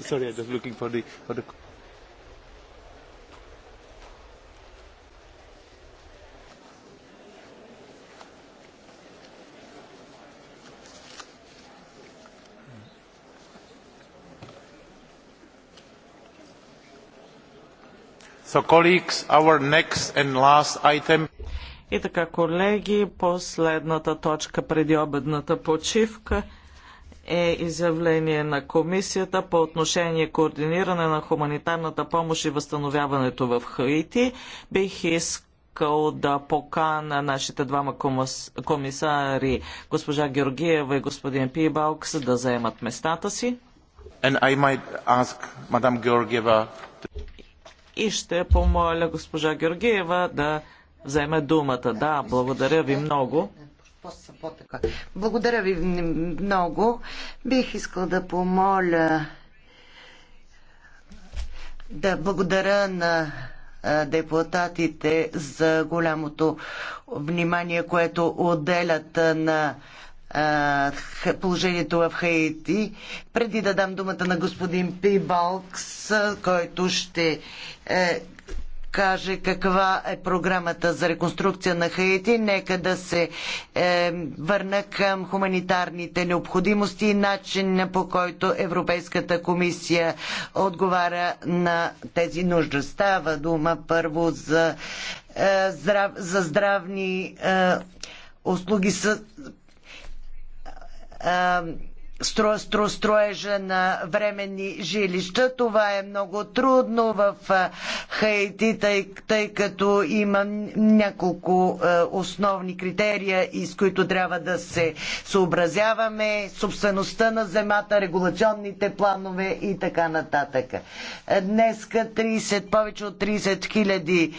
Sorry, I'm just looking for the, for the So, colleagues, our next and last item. И така, колеги, последната точка преди обедната почивка е изявление на комисията по отношение координиране на хуманитарната помощ и възстановяването в Хаити. Бих искал да покана нашите двама комисари, госпожа Георгиева и господин Пибалкс, да заемат местата си. Ask, и ще помоля госпожа Георгиева да вземе думата. Да, благодаря ви много по-така. Благодаря ви много. Бих искал да помоля да благодаря на депутатите за голямото внимание, което отделят на положението в Хаити. Преди да дам думата на господин Пибалкс, който ще е, каже каква е програмата за реконструкция на Хаити. Нека да се е, върна към хуманитарните необходимости и начин по който Европейската комисия отговаря на тези нужди. Става дума първо за, е, здрав, за здравни е, услуги. С, е, стро, строежа на временни жилища. Това е много трудно в Хаити, тъй, тъй като има няколко основни критерия, из които трябва да се съобразяваме. Собствеността на земята, регулационните планове и така нататък. Днеска 30, повече от 30 хиляди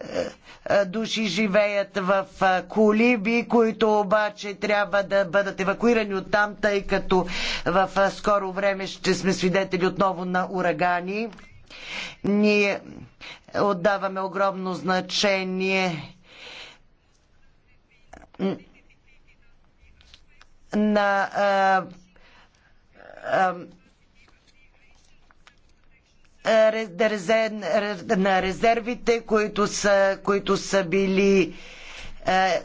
е, е, души живеят в е, колиби, които обаче трябва да бъдат евакуирани от там, тъй като в скоро време ще сме свидетели отново на урагани. Ние отдаваме огромно значение на на резервите, които са, които са били е,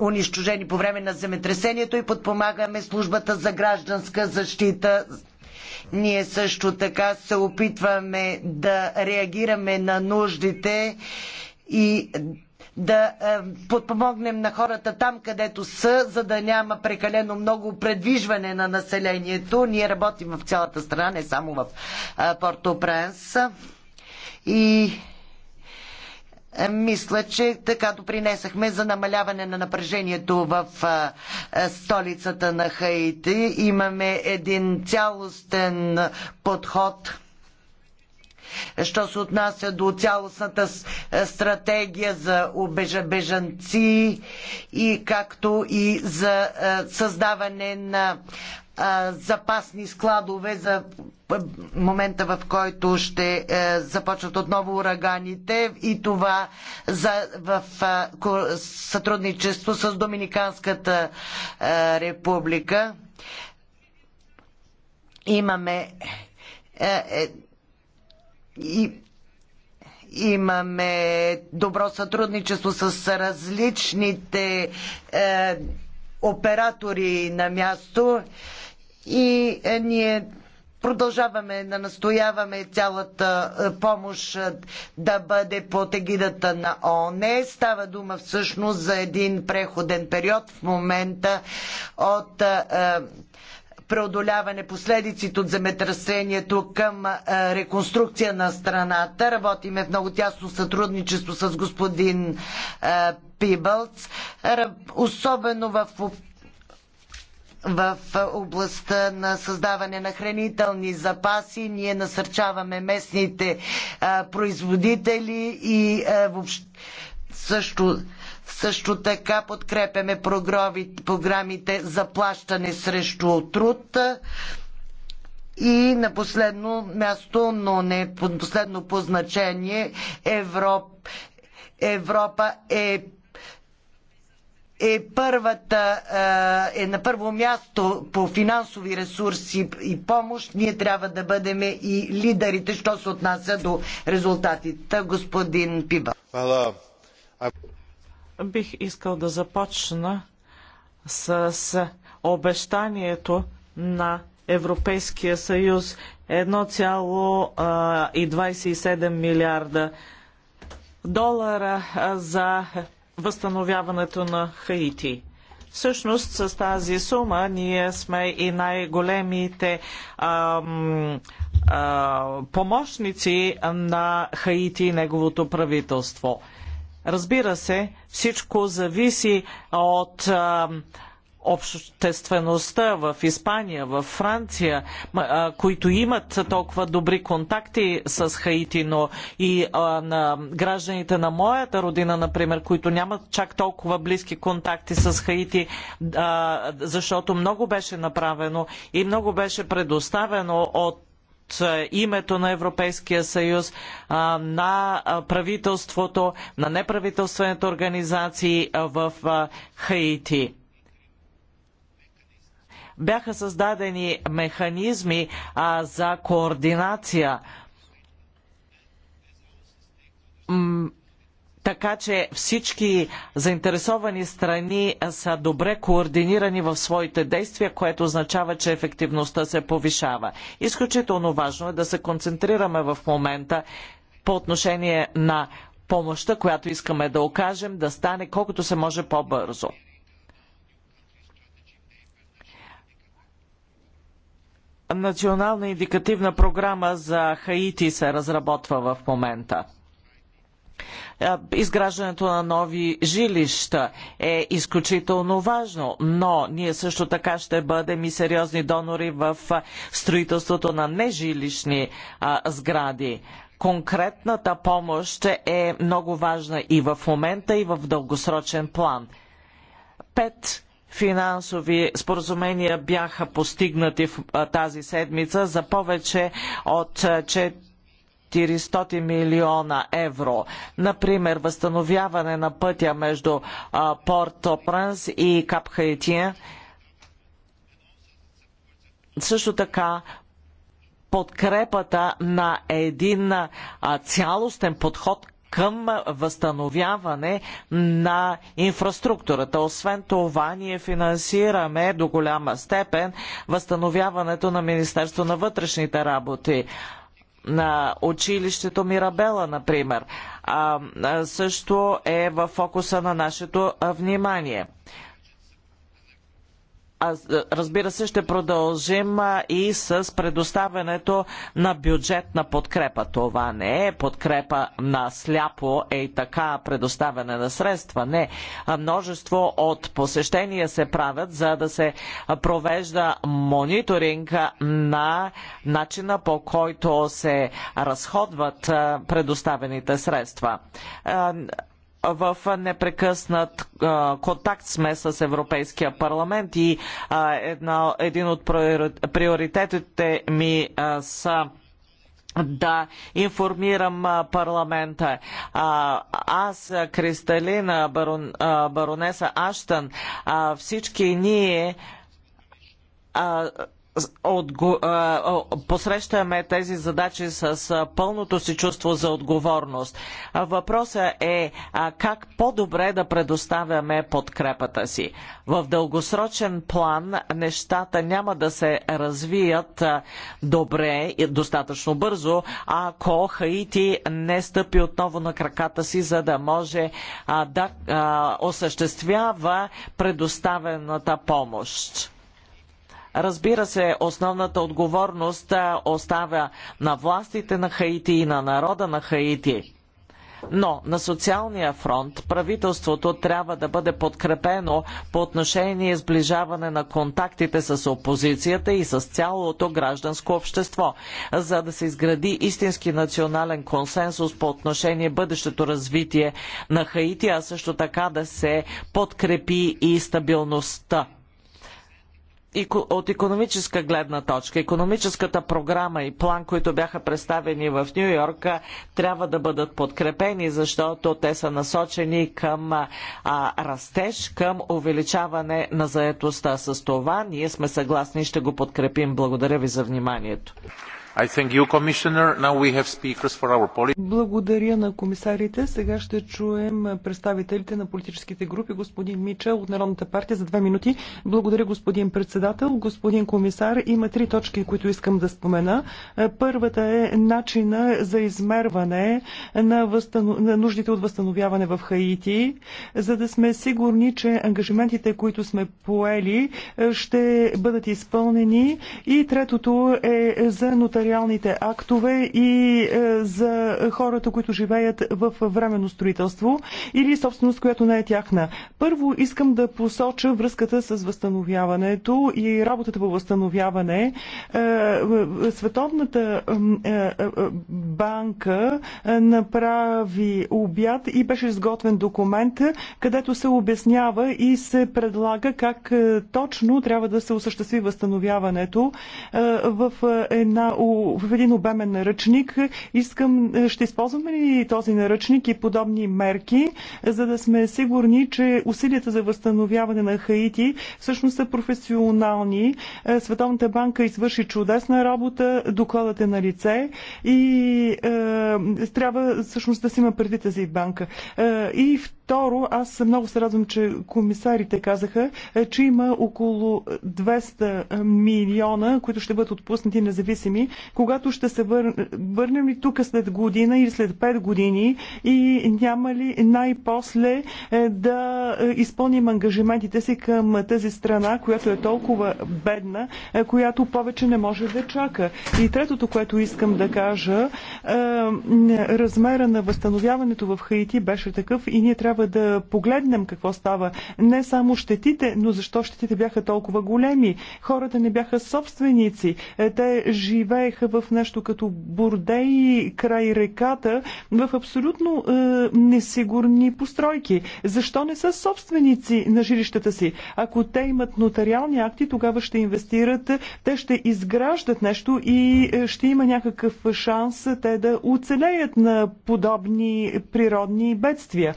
унищожени по време на земетресението и подпомагаме службата за гражданска защита. Ние също така се опитваме да реагираме на нуждите и да е, подпомогнем на хората там, където са, за да няма прекалено много предвижване на населението. Ние работим в цялата страна, не само в е, Порто-Пренс. И е, мисля, че така допринесахме за намаляване на напрежението в столицата на Хаити. Имаме един цялостен подход Що се отнася до цялостната е, стратегия за бежанци и както и за е, създаване на е, запасни складове за момента, в който ще започнат отново ураганите и това за, в сътрудничество с Доминиканската република. Имаме и имаме добро сътрудничество с различните е, оператори на място и е, ние продължаваме да настояваме цялата е, помощ е, да бъде под егидата на ООН. Става дума всъщност за един преходен период в момента от е, преодоляване последиците от земетресението към реконструкция на страната. Работиме в много тясно сътрудничество с господин Пибълц, особено в в областта на създаване на хранителни запаси. Ние насърчаваме местните производители и въобще също също така подкрепяме програмите за плащане срещу труд. И на последно място, но не последно по значение, Европ... Европа е е първата, е, е на първо място по финансови ресурси и помощ, ние трябва да бъдем и лидерите, що се отнася до резултатите. Господин Пиба бих искал да започна с обещанието на Европейския съюз 1,27 милиарда долара за възстановяването на Хаити. Всъщност с тази сума ние сме и най-големите помощници на Хаити и неговото правителство. Разбира се, всичко зависи от обществеността в Испания, в Франция, които имат толкова добри контакти с Хаити, но и на гражданите на моята родина, например, които нямат чак толкова близки контакти с Хаити, защото много беше направено и много беше предоставено от е, името на Европейския съюз, на правителството, на неправителствените организации в Хаити. Бяха създадени механизми за координация така че всички заинтересовани страни са добре координирани в своите действия, което означава, че ефективността се повишава. Изключително важно е да се концентрираме в момента по отношение на помощта, която искаме да окажем, да стане колкото се може по-бързо. Национална индикативна програма за Хаити се разработва в момента. Е, изграждането на нови жилища е изключително важно, но ние също така ще бъдем и сериозни донори в е, строителството на нежилищни е, сгради конкретната помощ е много важна и в момента, и в дългосрочен план. Пет финансови споразумения бяха постигнати в тази седмица за повече от 400 милиона евро. Например, възстановяване на пътя между Порт-О-Пренс и Кап Хаитие. Също така подкрепата на един цялостен подход към възстановяване на инфраструктурата. Освен това, ние финансираме до голяма степен възстановяването на Министерство на вътрешните работи на училището Мирабела, например, също е в фокуса на нашето внимание. Е, разбира се, ще продължим и с предоставянето на бюджетна подкрепа. Това не е подкрепа на сляпо, е и така предоставяне на средства. Не. Множество от посещения се правят, за да се провежда мониторинг на начина по който се разходват предоставените средства в непрекъснат а, контакт сме с Европейския парламент и а, една, един от приоритетите ми а, са да информирам парламента. Аз, Кристалина, барон, баронеса Аштън, всички ние отго... посрещаме тези задачи с пълното си чувство за отговорност. Въпросът е как по-добре да предоставяме подкрепата си. В дългосрочен план нещата няма да се развият добре, и достатъчно бързо, ако Хаити не стъпи отново на краката си, за да може да осъществява предоставената помощ Разбира се, основната отговорност остава на властите на Хаити и на народа на Хаити. Но на социалния фронт правителството трябва да бъде подкрепено по отношение сближаване на контактите с опозицията и с цялото гражданско общество, за да се изгради истински национален консенсус по отношение бъдещето развитие на Хаити, а също така да се подкрепи и стабилността от економическа гледна точка. Економическата програма и план, които бяха представени в Нью Йорк, трябва да бъдат подкрепени, защото те са насочени към а, растеж, към увеличаване на заетостта. С това ние сме съгласни и ще го подкрепим. Благодаря ви за вниманието. Благодаря на комисарите. Сега ще чуем представителите на политическите групи. Господин Мичел от Народната партия за две минути. Благодаря, господин председател. Господин комисар, има три точки, които искам да спомена. Първата е начина за измерване на, възстан... на нуждите от възстановяване в Хаити, за да сме сигурни, че ангажиментите, които сме поели, ще бъдат изпълнени. И третото е за нотари нотариалните актове и е, за хората, които живеят в временно строителство или собственост, която не е тяхна. Първо искам да посоча връзката с възстановяването и работата по възстановяване. Е, Световната е, банка направи обяд и беше изготвен документ, където се обяснява и се предлага как точно трябва да се осъществи възстановяването в една в един обемен наръчник. Искам, е, ще използваме ли този наръчник и подобни мерки, за да сме сигурни, че усилията за възстановяване на Хаити всъщност са професионални. Е, Световната банка извърши чудесна работа, докладът е на лице и е, трябва всъщност да си има предвид тази банка. Е, и в Второ, аз много се радвам, че комисарите казаха, е, че има около 200 милиона, които ще бъдат отпуснати независими, когато ще се вър... върнем ли тук след година или след 5 години и няма ли най-после е, да е, изпълним ангажиментите си към тази страна, която е толкова бедна, която повече не може да чака. И третото, което искам да кажа, размера на възстановяването в Хаити беше такъв и ние трябва трябва да погледнем какво става. Не само щетите, но защо щетите бяха толкова големи. Хората не бяха собственици. Е, те живееха в нещо като бордеи край реката, в абсолютно е, несигурни постройки. Защо не са собственици на жилищата си? Ако те имат нотариални акти, тогава ще инвестират, те ще изграждат нещо и е, ще има някакъв шанс те да оцелеят на подобни природни бедствия.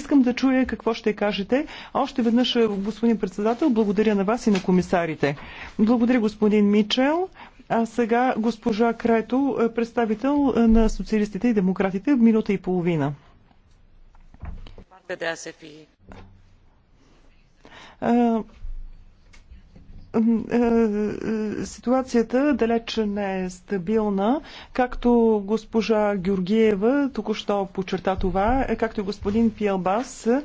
Искам да чуя какво ще кажете. Още веднъж, е, господин председател, благодаря на вас и на комисарите. Благодаря, господин Мичел. А сега госпожа Крето, е, представител е, на социалистите и демократите, в минута и половина. uh, Ситуацията далеч не е стабилна, както госпожа Георгиева току-що подчерта това, е, както и господин Пиелбас е,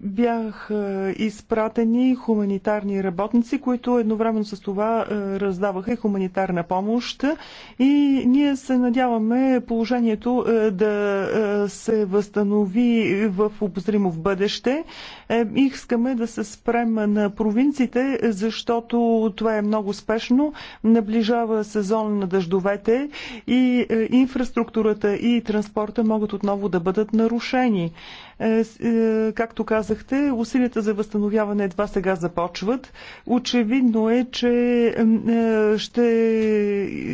бяха е, изпратени хуманитарни работници, които едновременно с това раздаваха и хуманитарна помощ и ние се надяваме положението да се възстанови в обозримо в бъдеще. Искаме да се спрем на провинциите, защото защото това е много спешно. Наближава сезон на дъждовете и е, инфраструктурата и транспорта могат отново да бъдат нарушени. Е, е, както казахте, усилията за възстановяване едва сега започват. Очевидно е, че ще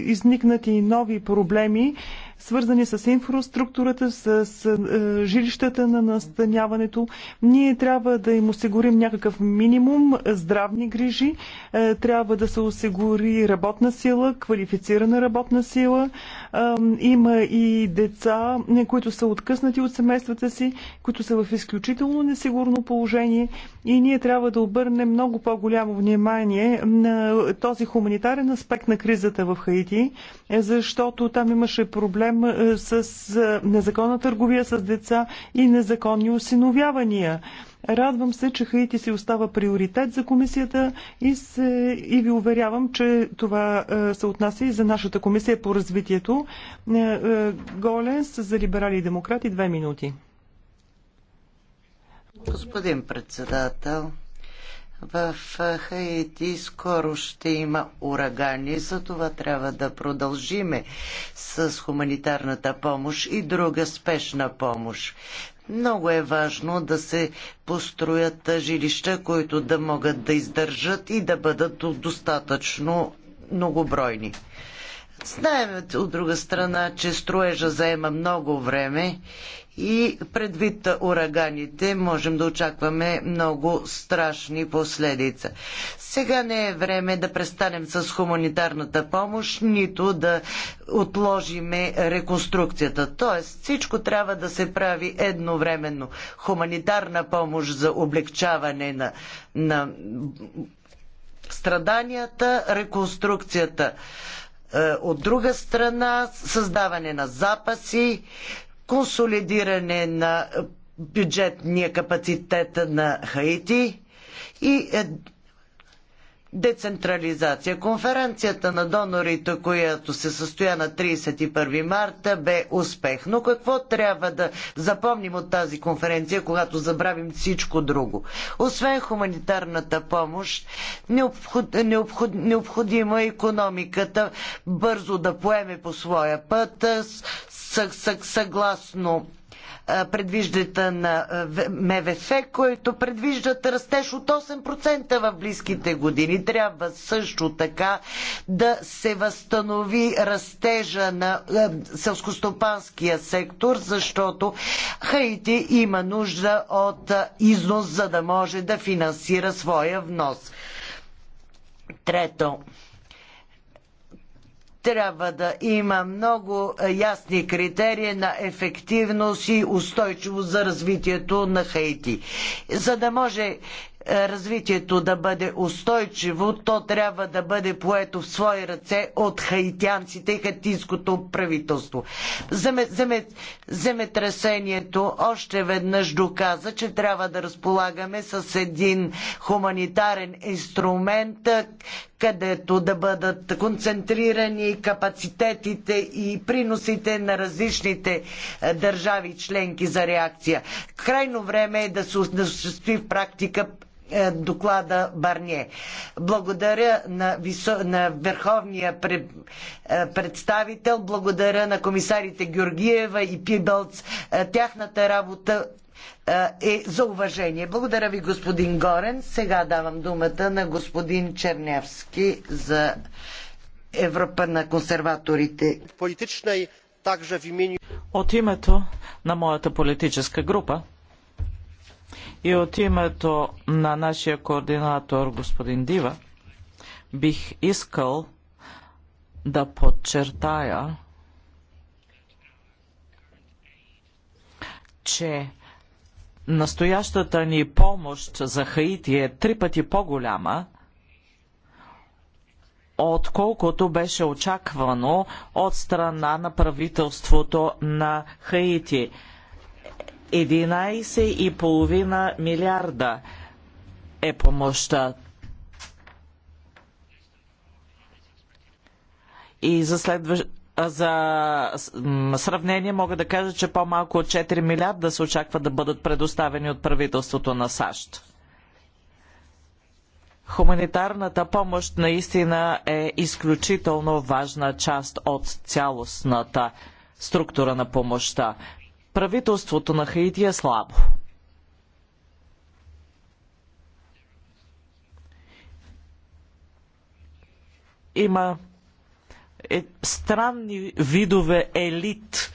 изникнат и нови проблеми свързани с инфраструктурата, с, с е, жилищата на настаняването. Ние трябва да им осигурим някакъв минимум здравни грижи, е, трябва да се осигури работна сила, квалифицирана работна сила. Е, има и деца, е, които са откъснати от семействата си, които са в изключително несигурно положение и ние трябва да обърнем много по-голямо внимание на този хуманитарен аспект на кризата в Хаити, е, защото там имаше проблем проблем е, с е, незаконна търговия с деца и незаконни осиновявания. Радвам се, че Хаити си остава приоритет за комисията и, се, и ви уверявам, че това е, се отнася и за нашата комисия по развитието. Голенс за либерали и демократи две минути. Господин председател, в Хаити скоро ще има урагани, за това трябва да продължиме с хуманитарната помощ и друга спешна помощ. Много е важно да се построят жилища, които да могат да издържат и да бъдат достатъчно многобройни. Знаем от друга страна, че строежа заема много време и предвид ураганите можем да очакваме много страшни последица. Сега не е време да престанем с хуманитарната помощ, нито да отложиме реконструкцията. Тоест всичко трябва да се прави едновременно. Хуманитарна помощ за облегчаване на, на страданията, реконструкцията е, от друга страна създаване на запаси, консолидиране на бюджетния капацитет на Хаити и е, децентрализация. Конференцията на донорите, която се състоя на 31 марта, бе успех. Но какво трябва да запомним от тази конференция, когато забравим всичко друго? Освен хуманитарната помощ, необход, необход, необходимо е економиката бързо да поеме по своя път, съгласно предвиждата на МВФ, които предвиждат растеж от 8% в близките години. Трябва също така да се възстанови растежа на селскостопанския сектор, защото Хаити има нужда от износ, за да може да финансира своя внос. Трето, трябва да има много е, ясни критерии на ефективност и устойчивост за развитието на Хаити, за да може развитието да бъде устойчиво, то трябва да бъде поето в свои ръце от хаитянците и хатинското правителство. Земетресението още веднъж доказа, че трябва да разполагаме с един хуманитарен инструмент, където да бъдат концентрирани капацитетите и приносите на различните е, държави членки за реакция. Крайно време е да се осъществи в практика е, доклада Барние. Благодаря на, висо... на върховния е, представител, благодаря на комисарите Георгиева и Пибълц. Е, тяхната работа е за уважение. Благодаря ви, господин Горен. Сега давам думата на господин Чернявски за Европа на консерваторите. Политична и также в имени... От името на моята политическа група и от името на нашия координатор господин Дива бих искал да подчертая, че настоящата ни помощ за Хаити е три пъти по-голяма, отколкото беше очаквано от страна на правителството на Хаити. 11,5 милиарда е помощта. И за следващ за сравнение мога да кажа, че по-малко от 4 милиарда се очаква да бъдат предоставени от правителството на САЩ. Хуманитарната помощ наистина е изключително важна част от цялостната структура на помощта. Правителството на Хаити е слабо. Има е, странни видове елит,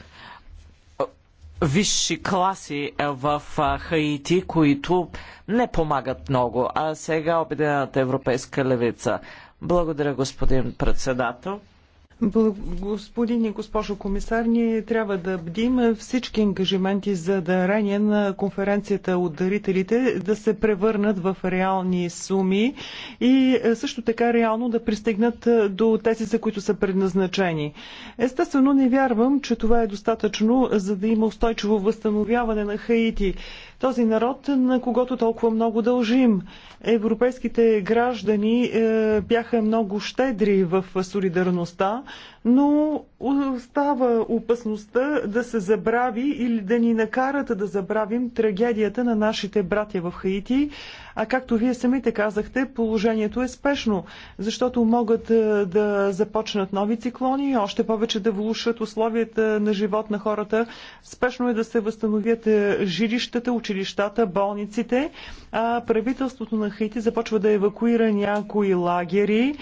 висши класи в Хаити, които не помагат много. А сега Обединената европейска левица. Благодаря, господин председател. Господин и госпожо комисар, ние трябва да бдим всички ангажименти за дарение на конференцията от дарителите да се превърнат в реални суми и е, също така реално да пристигнат е, до тези, за които са предназначени. Естествено не вярвам, че това е достатъчно, за да има устойчиво възстановяване на Хаити. Този народ, на когото толкова много дължим. Европейските граждани е, бяха много щедри в солидарността, но остава опасността да се забрави или да ни накарат да забравим трагедията на нашите братя в Хаити. А както вие самите казахте, положението е спешно, защото могат да започнат нови циклони, още повече да влушат условията на живот на хората. Спешно е да се възстановят жилищата, училищата, болниците. А правителството на Хаити започва да евакуира някои лагери.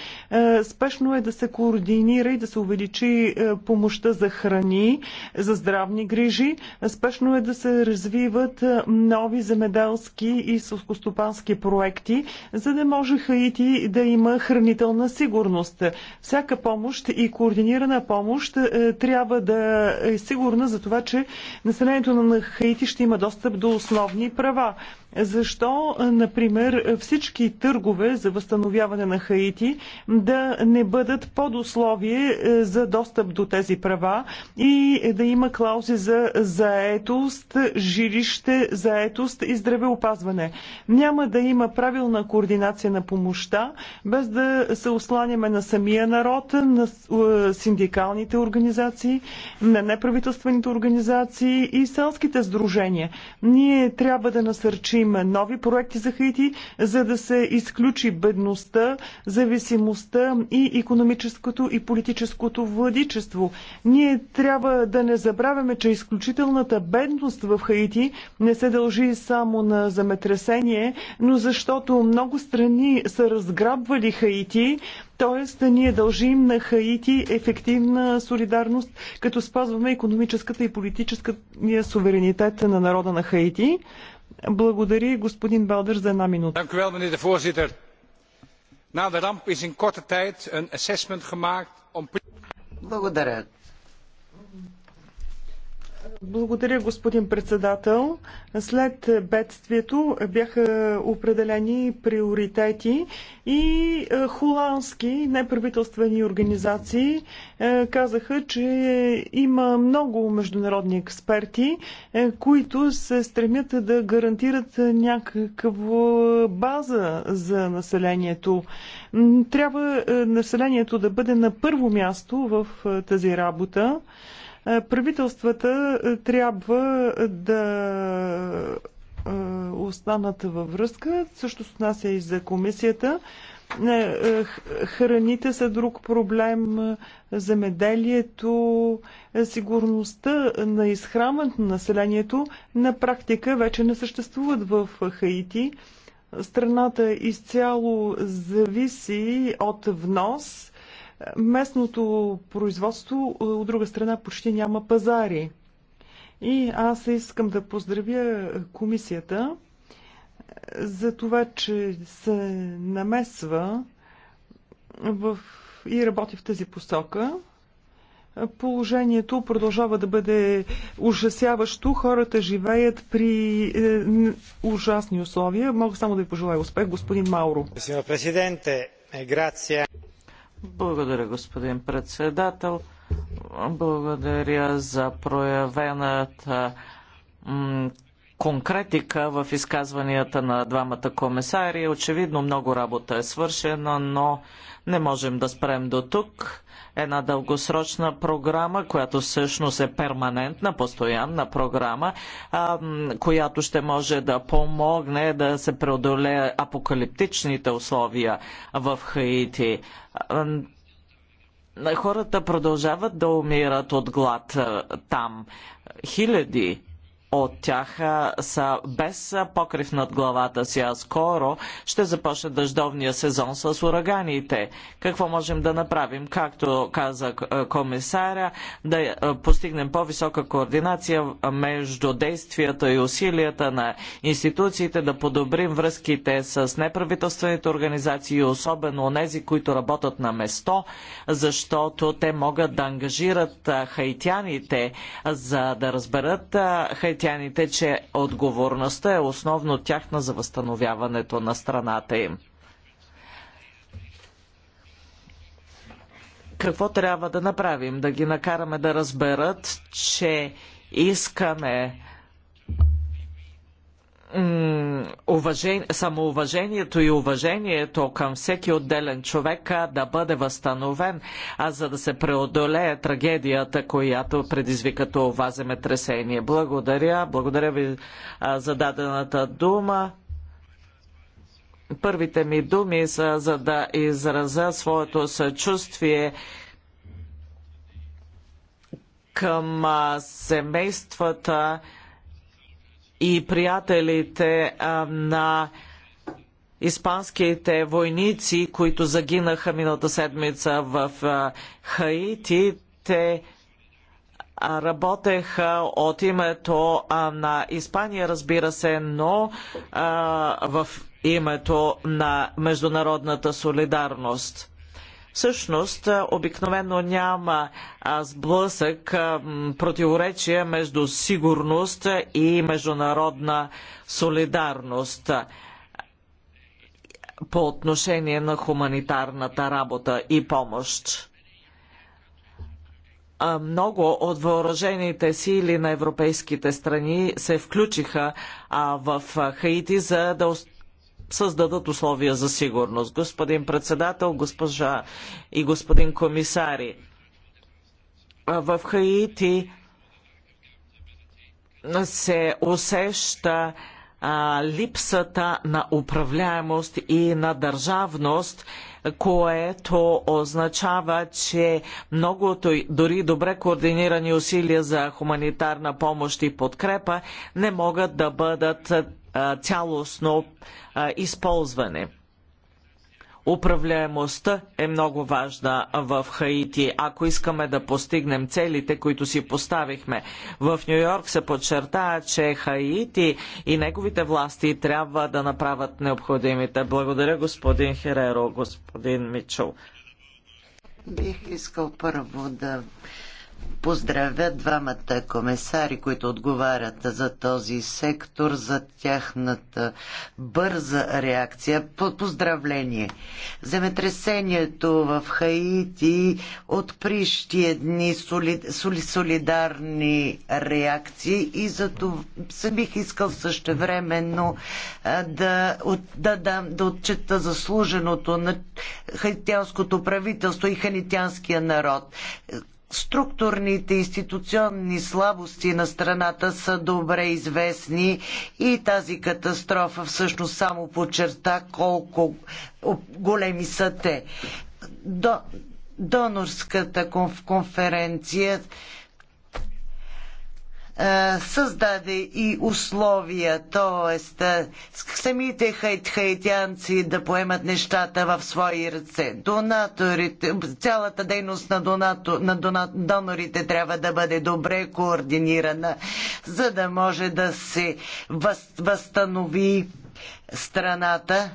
Спешно е да се координира и да се увеличи е, помощта за храни, за здравни грижи. Спешно е да се развиват е, нови земеделски и сълскостопански проекти, за да може Хаити да има хранителна сигурност. Всяка помощ и координирана помощ е, трябва да е сигурна за това, че населението на Хаити ще има достъп до основни права. Защо, е, например, всички търгове за възстановяване на Хаити да не бъдат под условие е, за достъп до тези права и да има клаузи за заетост, жилище, заетост и здравеопазване? Няма да има правилна координация на помощта, без да се осланяме на самия народ, на е, синдикалните организации, на неправителствените организации и селските сдружения. Ние трябва да насърчим насърчим нови проекти за Хаити, за да се изключи бедността, зависимостта и економическото и политическото владичество. Ние трябва да не забравяме, че изключителната бедност в Хаити не се дължи само на земетресение, но защото много страни са разграбвали Хаити, т.е. ние дължим на Хаити ефективна солидарност, като спазваме економическата и политическата суверенитет на народа на Хаити. Благодаря господин Балдър за една минута. Благодаря, благодаря, господин председател. След бедствието бяха определени приоритети и е, холандски неправителствени организации е, казаха, че има много международни експерти, е, които се стремят да гарантират някаква база за населението. Трябва населението да бъде на първо място в тази работа. Е, правителствата е, трябва да е, останат във връзка. Също с нас е и за комисията. Храните са друг проблем, земеделието, сигурността на изхранването на населението на практика вече не съществуват в Хаити. Страната изцяло зависи от внос местното производство, е, от друга страна, почти няма пазари. И аз искам да поздравя комисията е, за това, че се намесва в... и работи в тази посока. Положението продължава да бъде ужасяващо. Хората живеят при е, ужасни условия. Мога само да ви пожелая успех, господин Мауро. Благодаря, господин председател. Благодаря за проявената конкретика в изказванията на двамата комисари. Очевидно много работа е свършена, но не можем да спрем до тук една дългосрочна програма, която всъщност е перманентна, постоянна програма, която ще може да помогне да се преодолее апокалиптичните условия в Хаити хората продължават да умират от глад там. Хиляди от тях са без покрив над главата си, а скоро ще започне дъждовния сезон с ураганите. Какво можем да направим? Както каза комисаря, да постигнем по-висока координация между действията и усилията на институциите, да подобрим връзките с неправителствените организации, особено тези, които работят на место, защото те могат да ангажират хайтяните, за да разберат хайтяните тибетяните, че отговорността е основно тяхна за възстановяването на страната им. Какво трябва да направим? Да ги накараме да разберат, че искаме уважение, самоуважението и уважението към всеки отделен човек да бъде възстановен, а за да се преодолее трагедията, която предизвика това земетресение. Благодаря, благодаря ви за дадената дума. Първите ми думи са за да изразя своето съчувствие към семействата, и приятелите на испанските войници, които загинаха миналата седмица в Хаити. Те работеха от името на Испания, разбира се, но в името на международната солидарност всъщност обикновено няма сблъсък, противоречие между сигурност и международна солидарност по отношение на хуманитарната работа и помощ. Много от въоръжените сили на европейските страни се включиха в Хаити, за да създадат условия за сигурност. Господин председател, госпожа и господин комисари, в Хаити се усеща а, липсата на управляемост и на държавност, което означава, че многото, дори добре координирани усилия за хуманитарна помощ и подкрепа не могат да бъдат цялостно използване. Управляемостта е много важна в Хаити, ако искаме да постигнем целите, които си поставихме. В Нью Йорк се подчерта, че Хаити и неговите власти трябва да направят необходимите. Благодаря господин Хереро, господин Мичел. Бих искал първо да поздравя двамата комисари, които отговарят за този сектор, за тяхната бърза реакция. Поздравление! Земетресението в Хаити отприщи едни соли, соли, солидарни реакции и за това бих искал същевременно да, да, да, да отчета заслуженото на хаитянското правителство и ханитянския народ структурните институционни слабости на страната са добре известни и тази катастрофа всъщност само подчерта колко големи са те. До, донорската конференция е, създаде и условия, т.е. самите хаитянци да поемат нещата в свои ръце. Донаторите, цялата дейност на, донато, на донат, донорите трябва да бъде добре координирана, за да може да се възстанови страната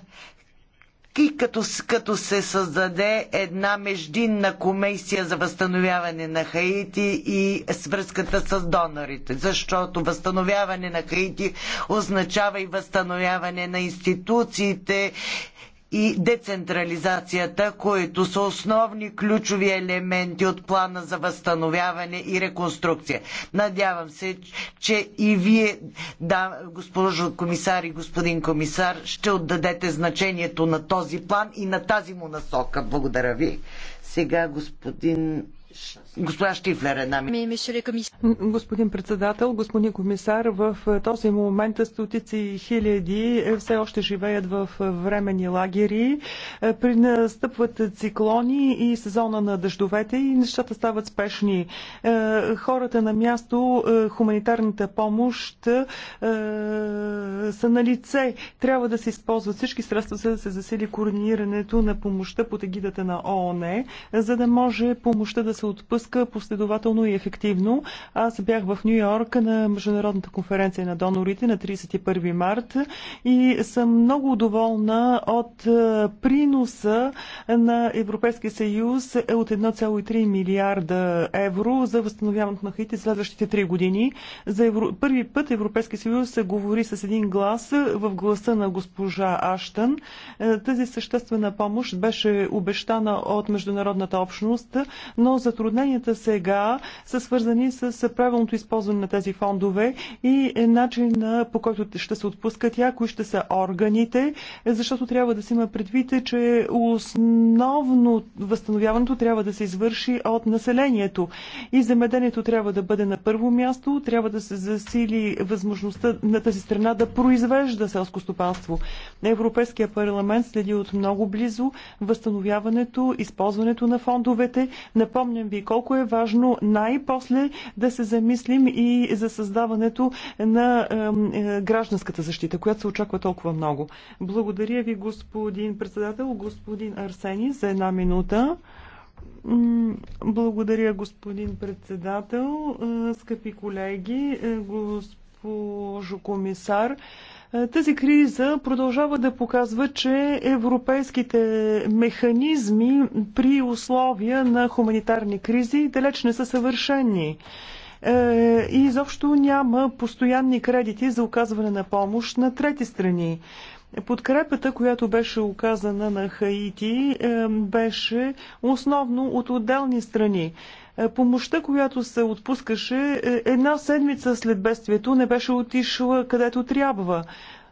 и като, като се създаде една междинна комисия за възстановяване на Хаити и свръзката с донорите. Защото възстановяване на Хаити означава и възстановяване на институциите и децентрализацията, които са основни ключови елементи от плана за възстановяване и реконструкция. Надявам се, че и вие, да, госпожо комисар и господин комисар, ще отдадете значението на този план и на тази му насока. Благодаря ви. Сега господин Госпожа Штифлер, една ами, Господин председател, господин комисар, в е, този момент стотици хиляди е, все още живеят в е, времени лагери. Настъпват циклони и сезона на дъждовете и нещата стават спешни. Хората на място, хуманитарната помощ са на лице. Трябва да се използват всички средства, за да се засили координирането на помощта под егидата на ООН, за да може помощта да се се отпуска последователно и ефективно. Аз бях в Нью Йорк на Международната конференция на донорите на 31 март и съм много доволна от е, приноса на Европейския съюз от 1,3 милиарда евро за възстановяването на Хаити следващите 3 години. За евро... първи път Европейския съюз се говори с един глас в гласа на госпожа Аштън. Е, тази съществена помощ беше обещана от международната общност, но за затрудненията сега са свързани с правилното използване на тези фондове и начина по който ще се отпуска тя, кои ще са органите, защото трябва да се има предвид, че основно възстановяването трябва да се извърши от населението. И замедението трябва да бъде на първо място, трябва да се засили възможността на тази страна да произвежда селско стопанство. Европейския парламент следи от много близо възстановяването, използването на фондовете. Напомня Благодарим ви колко е важно най-после да се замислим и за създаването на е, гражданската защита, която се очаква толкова много. Благодаря ви, господин председател, господин Арсени, за една минута. Благодаря, господин председател, е, скъпи колеги, е, госпожо комисар. Е, тази криза продължава да показва, че европейските механизми при условия на хуманитарни кризи далеч не са съвършени е, и изобщо няма постоянни кредити за оказване на помощ на трети страни. Подкрепата, която беше оказана на Хаити, е, беше основно от отделни страни. Е, помощта, която се отпускаше е, една седмица след бедствието, не беше отишла където трябва.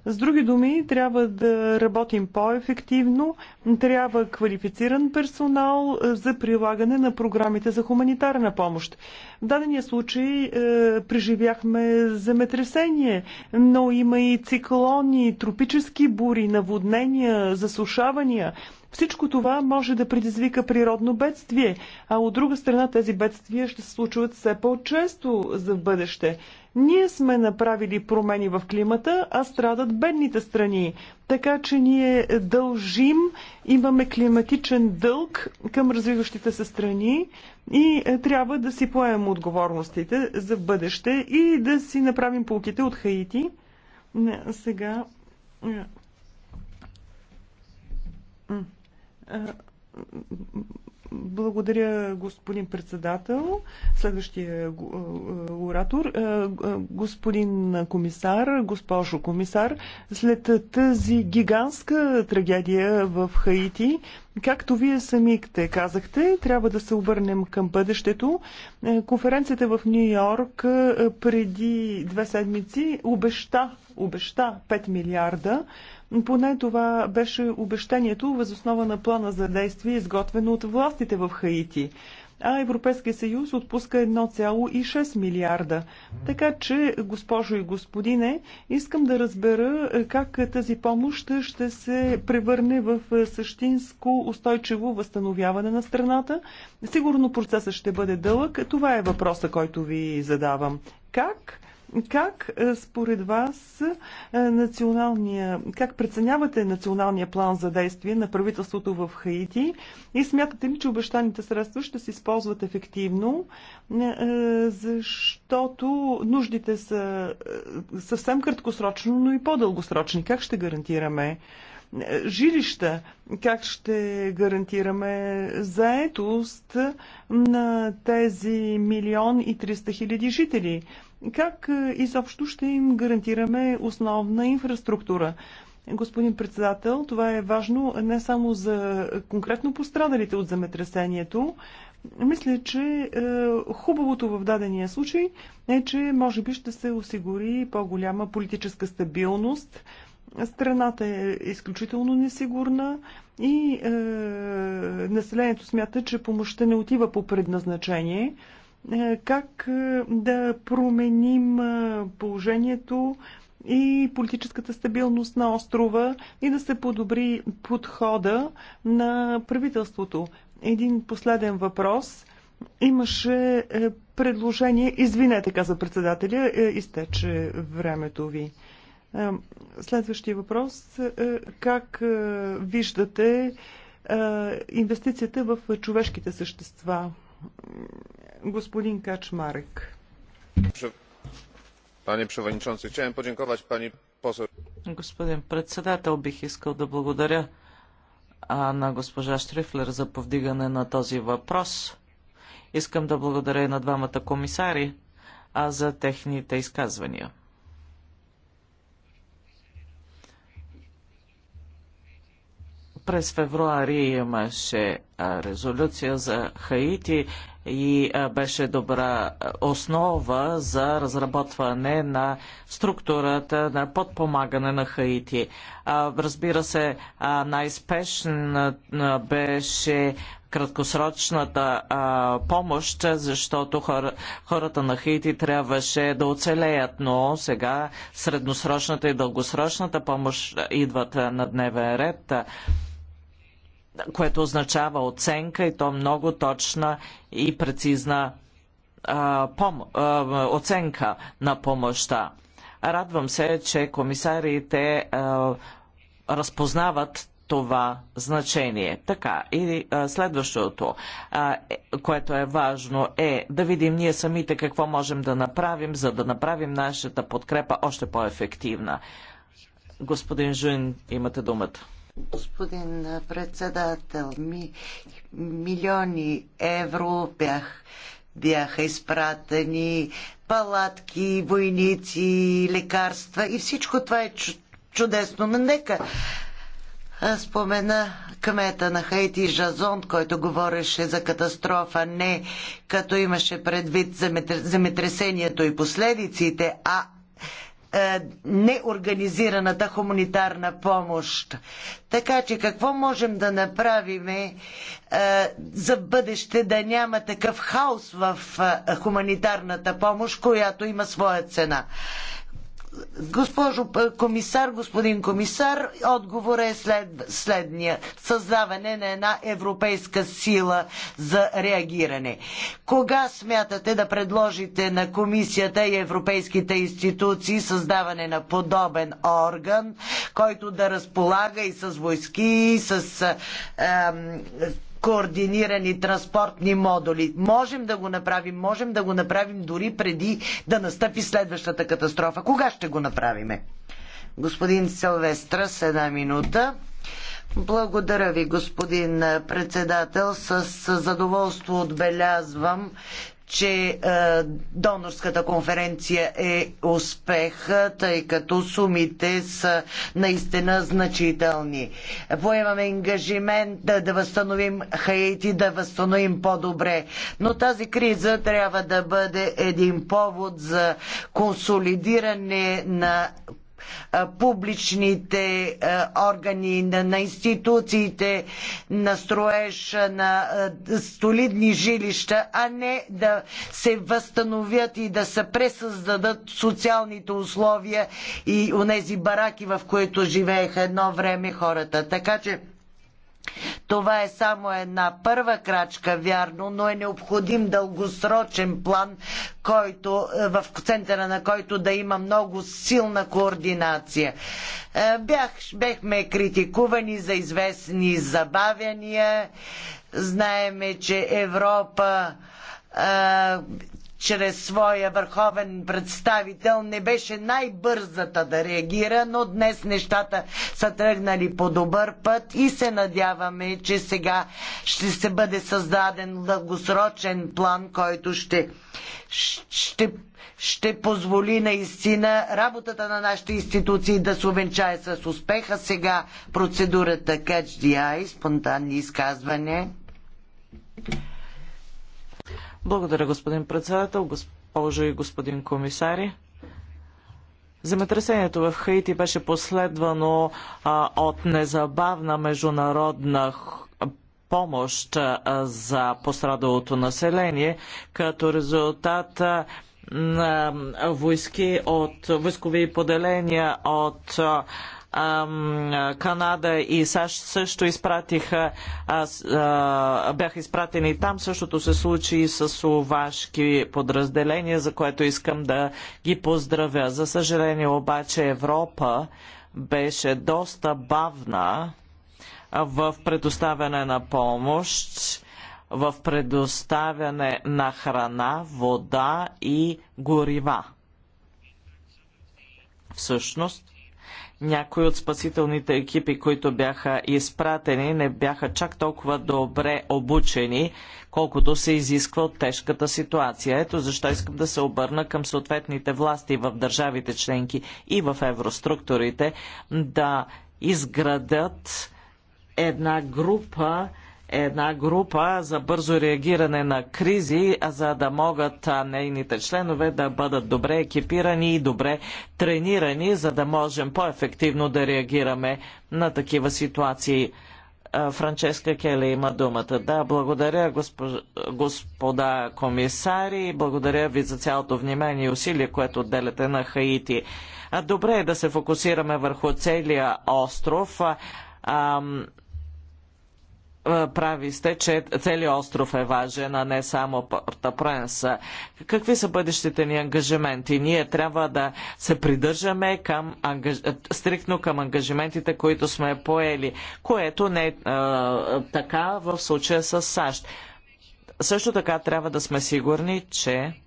С други думи, трябва да работим по-ефективно, трябва квалифициран персонал е, за прилагане на програмите за хуманитарна помощ. В дадения случай е, преживяхме земетресение, но има и циклони, тропически бури, наводнения, засушавания – всичко това може да предизвика природно бедствие, а от друга страна тези бедствия ще се случват все по-често за бъдеще. Ние сме направили промени в климата, а страдат бедните страни. Така че ние дължим, имаме климатичен дълг към развиващите се страни и е, трябва да си поемем отговорностите за бъдеще и да си направим полките от Хаити. Сега. Mm. Благодаря, господин председател. Следващия е, е, оратор, е, господин комисар, госпожо комисар, след тази гигантска трагедия в Хаити, Както вие самите казахте, трябва да се обърнем към бъдещето. Е, конференцията в Нью Йорк е, преди две седмици обеща, обеща 5 милиарда. Поне това беше обещанието възоснова на плана за действие, изготвено от властите в Хаити а Европейския съюз отпуска 1,6 милиарда. Така че, госпожо и господине, искам да разбера е, как тази помощ ще се превърне в е, същинско устойчиво възстановяване на страната. Сигурно процесът ще бъде дълъг. Това е въпроса, който ви задавам. Как? Как е, според вас е, националния, как преценявате националния план за действие на правителството в Хаити и смятате ли, че обещаните средства ще се използват ефективно, е, защото нуждите са съвсем краткосрочно, но и по-дългосрочни. Как ще гарантираме жилища, как ще гарантираме заетост на тези милион и 300 хиляди жители? Как е, изобщо ще им гарантираме основна инфраструктура? Господин председател, това е важно не само за конкретно пострадалите от земетресението. Мисля, че е, хубавото в дадения случай е, че може би ще се осигури по-голяма политическа стабилност. Страната е изключително несигурна и е, населението смята, че помощта не отива по предназначение. Е, как е, да променим е, положението и политическата стабилност на острова и да се подобри подхода на правителството. Един последен въпрос. Имаше предложение, извинете, каза председателя, изтече времето ви. Следващия въпрос. Как виждате инвестицията в човешките същества? Господин Качмарек. Panie przewodniczący, chciałem podziękować pani poseł. Господин председател, бих искал да благодаря на госпожа Штрифлер за повдигане на този въпрос. Искам да благодаря и на двамата комисари за техните изказвания. През февруари имаше резолюция за Хаити и беше добра основа за разработване на структурата на подпомагане на Хаити. Разбира се, най-спешна беше краткосрочната помощ, защото хората на Хаити трябваше да оцелеят, но сега средносрочната и дългосрочната помощ идват на дневен ред което означава оценка и то много точна и прецизна а, пом, а, оценка на помощта. Радвам се, че комисарите а, разпознават това значение. Така, и а, следващото, а, е, което е важно, е да видим ние самите какво можем да направим, за да направим нашата подкрепа още по-ефективна. Господин Жуин, имате думата. Господин председател, ми, милиони евро бях, бяха изпратени, палатки, войници, лекарства и всичко това е чудесно. Но нека спомена кмета на Хайти Жазон, който говореше за катастрофа не като имаше предвид земетресението и последиците, а е, неорганизираната хуманитарна помощ. Така че какво можем да направим е, за бъдеще да няма такъв хаос в е, хуманитарната помощ, която има своя цена? Госпожо комисар, господин комисар, отговор е след, следния. Създаване на една европейска сила за реагиране. Кога смятате да предложите на комисията и европейските институции създаване на подобен орган, който да разполага и с войски, и с координирани транспортни модули. Можем да го направим, можем да го направим дори преди да настъпи следващата катастрофа. Кога ще го направиме? Господин Силвестра, с една минута. Благодаря ви, господин председател. С задоволство отбелязвам, че е, донорската конференция е успех, тъй като сумите са наистина значителни. Поемаме ангажимент да, да възстановим Хаити, да възстановим по-добре. Но тази криза трябва да бъде един повод за консолидиране на публичните органи, на, институциите, на строеж, на солидни жилища, а не да се възстановят и да се пресъздадат социалните условия и онези бараки, в които живееха едно време хората. Така че това е само една първа крачка, вярно, но е необходим дългосрочен план, който, е, в центъра на който да има много силна координация. Е, бях, бехме критикувани за известни забавяния. Знаеме, че Европа е, чрез своя върховен представител не беше най-бързата да реагира, но днес нещата са тръгнали по добър път и се надяваме, че сега ще се бъде създаден дългосрочен план, който ще, ще ще позволи наистина работата на нашите институции да се увенчае с успеха. Сега процедурата Catch the Eye, спонтанни изказвания. Благодаря, господин председател, госпожо и господин комисари. Земетресението в Хаити беше последвано а, от незабавна международна помощ а, за пострадалото население, като резултат а, на войски от войскови поделения от а, Канада и САЩ също изпратиха, бяха изпратени там. Същото се случи и с словашки подразделения, за което искам да ги поздравя. За съжаление обаче Европа беше доста бавна в предоставяне на помощ, в предоставяне на храна, вода и горива. Всъщност, някои от спасителните екипи, които бяха изпратени, не бяха чак толкова добре обучени, колкото се изисква от тежката ситуация. Ето защо искам да се обърна към съответните власти в държавите членки и в евроструктурите да изградят една група една група за бързо реагиране на кризи, за да могат нейните членове да бъдат добре екипирани и добре тренирани, за да можем по-ефективно да реагираме на такива ситуации. Франческа Келе има думата. Да, благодаря господа комисари и благодаря ви за цялото внимание и усилие, което отделяте на Хаити. Добре е да се фокусираме върху целия остров. Е, прави сте, че целият остров е важен, а не само порта Пренс. Какви са бъдещите ни ангажименти? Ние трябва да се придържаме към, ангаж... стрикно към ангажиментите, които сме поели, което не е, е така в случая с САЩ. Също така трябва да сме сигурни, че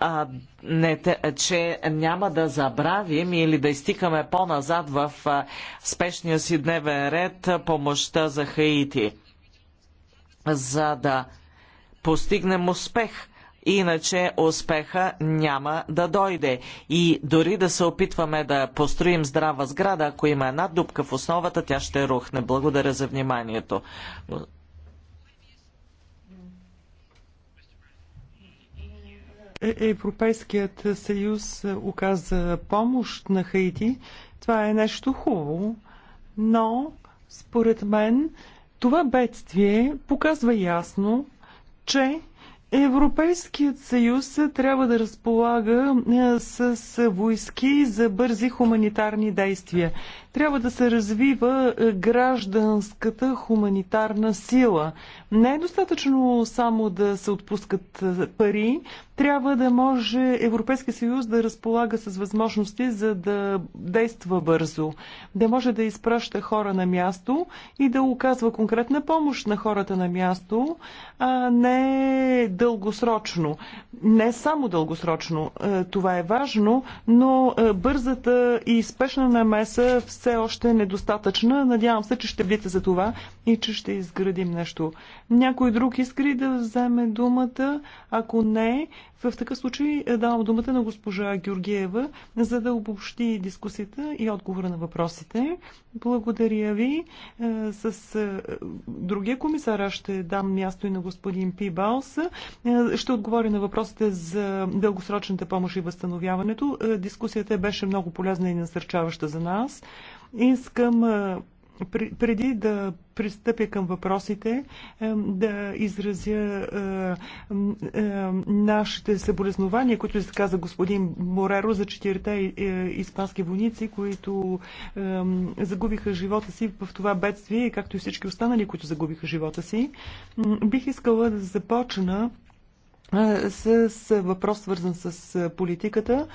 а, не, че няма да забравим или да изтикаме по-назад в а, спешния си дневен ред помощта за Хаити, за да постигнем успех. Иначе успеха няма да дойде. И дори да се опитваме да построим здрава сграда, ако има една дупка в основата, тя ще рухне. Благодаря за вниманието. Европейският съюз оказа помощ на Хаити. Това е нещо хубаво, но според мен това бедствие показва ясно, че Европейският съюз трябва да разполага с войски за бързи хуманитарни действия. Трябва да се развива е, гражданската хуманитарна сила. Не е достатъчно само да се отпускат е, пари, трябва да може Европейския съюз да разполага с възможности за да действа бързо, да може да изпраща хора на място и да оказва конкретна помощ на хората на място, а не дългосрочно. Не само дългосрочно, е, това е важно, но бързата и спешна намеса в все още недостатъчна. Надявам се, че ще бите за това и че ще изградим нещо. Някой друг иска ли да вземе думата? Ако не, в такъв случай е, давам думата на госпожа Георгиева, за да обобщи дискусията и отговора на въпросите. Благодаря ви. Е, с е, другия комисар ще дам място и на господин Пибалс. Ще отговори на въпросите за дългосрочната помощ и възстановяването. Дискусията беше много полезна и насърчаваща за нас. Искам преди да пристъпя към въпросите, да изразя нашите съболезнования, които изказа господин Мореро за четирите е, е, испански войници, които загубиха живота си в това бедствие, както и всички останали, които загубиха живота си. Бих искала да започна с въпрос свързан с политиката.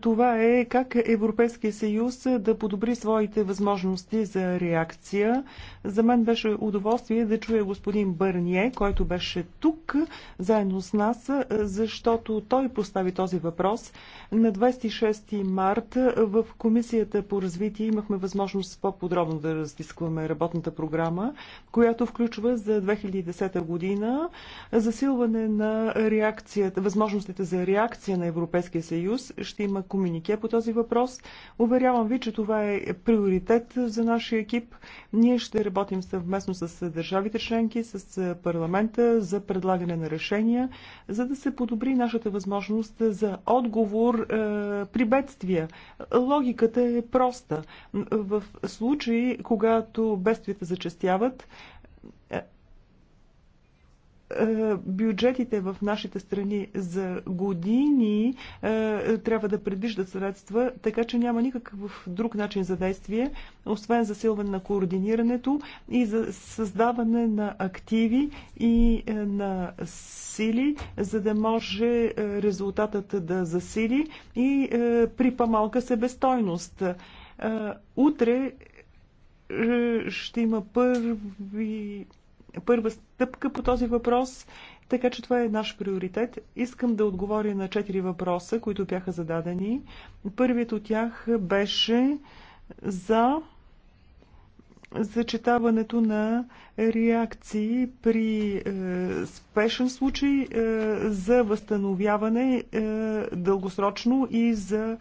Това е как Европейския съюз да подобри своите възможности за реакция. За мен беше удоволствие да чуя господин Бърние, който беше тук заедно с нас, защото той постави този въпрос. На 26 март в Комисията по развитие имахме възможност по-подробно да разискваме работната програма, която включва за 2010 година засилване на реакцията, възможностите за реакция на Европейския съюз. Ще има комунике по този въпрос. Уверявам ви, че това е приоритет за нашия екип. Ние ще работим съвместно с държавите членки, с парламента за предлагане на решения, за да се подобри нашата възможност за отговор е, при бедствия. Логиката е проста. В случаи, когато бедствията зачастяват, е, бюджетите в нашите страни за години е, трябва да предвиждат средства, така че няма никакъв друг начин за действие, освен засилване на координирането и за създаване на активи и е, на сили, за да може резултатът да засили и при по-малка себестойност. Утре ще има първи първа стъпка по този въпрос, така че това е наш приоритет. Искам да отговоря на четири въпроса, които бяха зададени. Първият от тях беше за зачетаването на реакции при е, спешен случай е, за възстановяване е, дългосрочно и за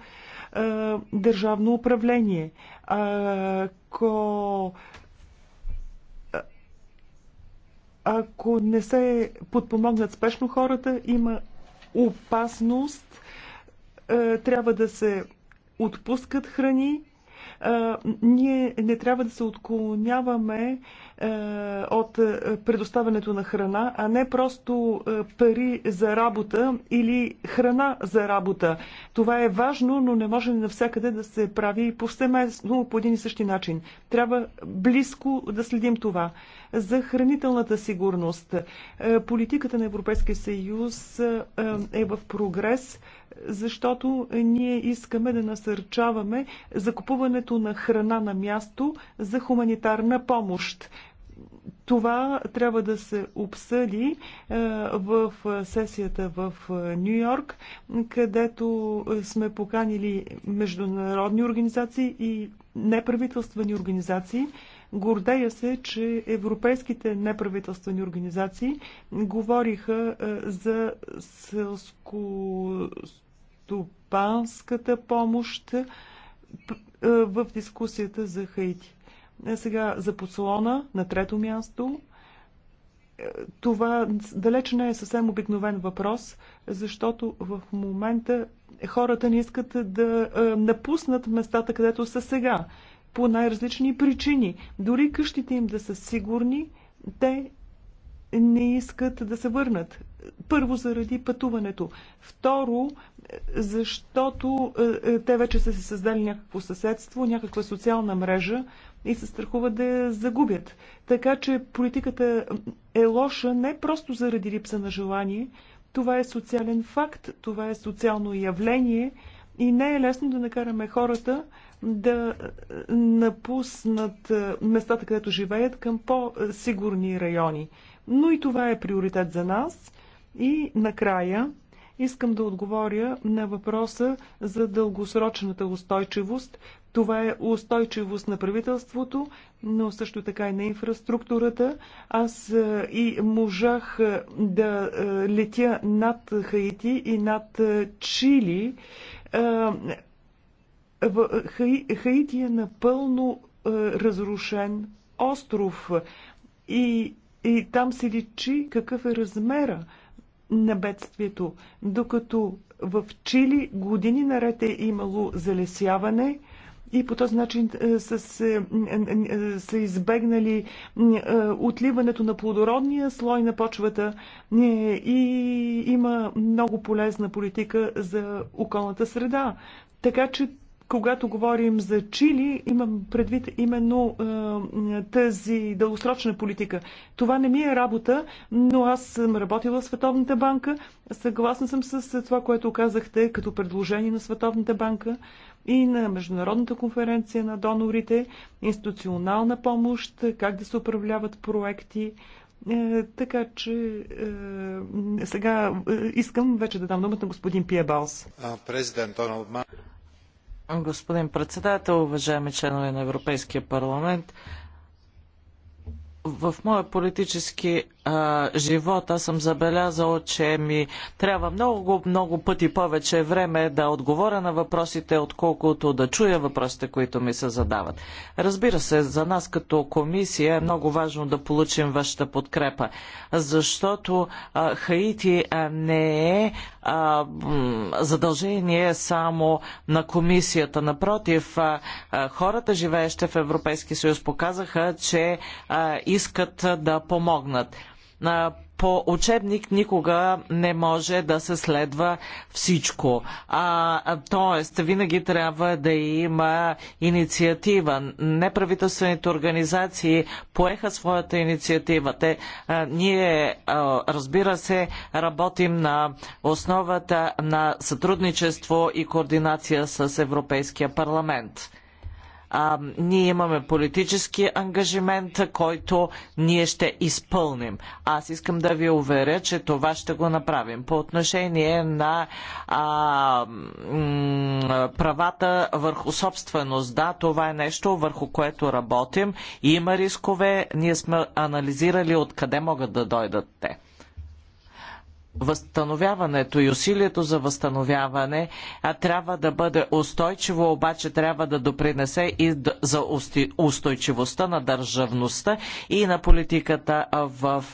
е, държавно управление. Ако ако не се подпомогнат спешно хората, има опасност. Е, трябва да се отпускат храни. Е, ние не трябва да се отклоняваме е, от е, предоставянето на храна, а не просто е, пари за работа или храна за работа. Това е важно, но не може навсякъде да се прави повсеместно по един и същи начин. Трябва близко да следим това. За хранителната сигурност. Политиката на Европейския съюз е в прогрес защото ние искаме да насърчаваме закупуването на храна на място за хуманитарна помощ. Това трябва да се обсъди е, в сесията в Нью Йорк, където сме поканили международни организации и неправителствени организации. Гордея се, че европейските неправителствени организации говориха е, за селско стопанската помощ е, в дискусията за Хаити. Е, сега за подслона на трето място. Е, това далеч не е съвсем обикновен въпрос, защото в момента хората не искат да напуснат местата, където са сега, по най-различни причини. Дори къщите им да са сигурни, те не искат да се върнат. Първо заради пътуването. Второ защото е, е, те вече са си създали някакво съседство, някаква социална мрежа и се страхуват да я загубят. Така че политиката е лоша не просто заради липса на желание, това е социален факт, това е социално явление и не е лесно да накараме хората да е, напуснат местата, където живеят, към по-сигурни райони. Но и това е приоритет за нас. И накрая Искам да отговоря на въпроса за дългосрочната устойчивост. Това е устойчивост на правителството, но също така и на инфраструктурата. Аз е, и можах е, да е, летя над Хаити и над Чили. Хаити е напълно разрушен остров и, и там се личи какъв е размера на бедствието. Докато в Чили години наред е имало залесяване, и по този начин е, са, се, е, е, са избегнали отливането на плодородния слой на почвата и има много полезна политика за околната среда. Така че когато говорим за Чили, имам предвид именно е, тази дългосрочна политика. Това не ми е работа, но аз съм работила в Световната банка. Съгласна съм с това, което казахте като предложение на Световната банка и на Международната конференция на донорите, институционална помощ, как да се управляват проекти. Е, така че е, сега е, искам вече да дам думата на господин Пиебалс. Президент Доналд Господин председател, уважаеми членове на Европейския парламент, в моя политически а, живота съм забелязала, че ми трябва много, много пъти повече време да отговоря на въпросите, отколкото да чуя въпросите, които ми се задават. Разбира се, за нас като комисия е много важно да получим вашата подкрепа, защото а, Хаити а, не е а, задължение само на комисията. Напротив, а, а, хората, живеещи в Европейски съюз, показаха, че а, искат да помогнат по учебник никога не може да се следва всичко. А, тоест, винаги трябва да има инициатива. Неправителствените организации поеха своята инициатива. Те, а, ние, а, разбира се, работим на основата на сътрудничество и координация с Европейския парламент а, ние имаме политически ангажимент, който ние ще изпълним. Аз искам да ви уверя, че това ще го направим. По отношение на а, правата върху собственост, да, това е нещо върху което работим. Има рискове, ние сме анализирали откъде могат да дойдат те възстановяването и усилието за възстановяване а трябва да бъде устойчиво, обаче трябва да допринесе и за устойчивостта на държавността и на политиката в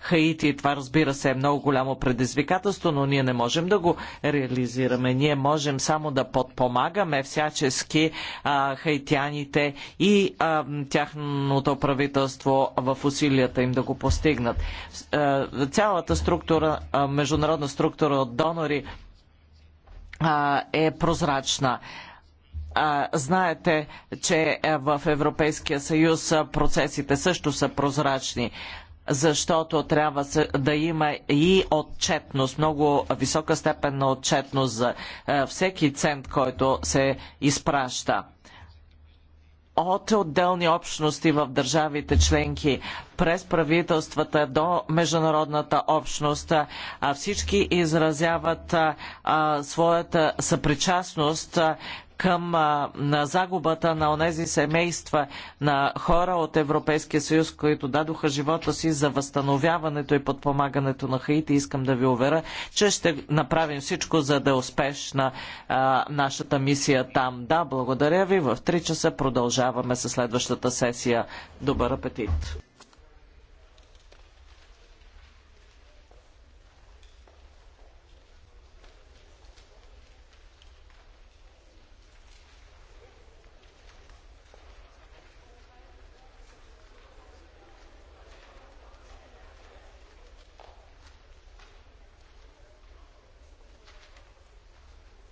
Хаити. Това разбира се е много голямо предизвикателство, но ние не можем да го реализираме. Ние можем само да подпомагаме подпомагаме всячески а, хайтяните и а, тяхното правителство в усилията им да го постигнат. А, цялата структура, а, международна структура от донори а, е прозрачна знаете, че в Европейския съюз процесите също са прозрачни защото трябва да има и отчетност, много висока степен на отчетност за е, всеки цент, който се изпраща от отделни общности в държавите членки, през правителствата до международната общност, е, всички изразяват е, своята съпричастност към на загубата на онези семейства на хора от Европейския съюз, които дадоха живота си за възстановяването и подпомагането на Хаити. Искам да ви уверя, че ще направим всичко, за да е успешна а, нашата мисия там. Да, благодаря ви. В 3 часа продължаваме със следващата сесия. Добър апетит!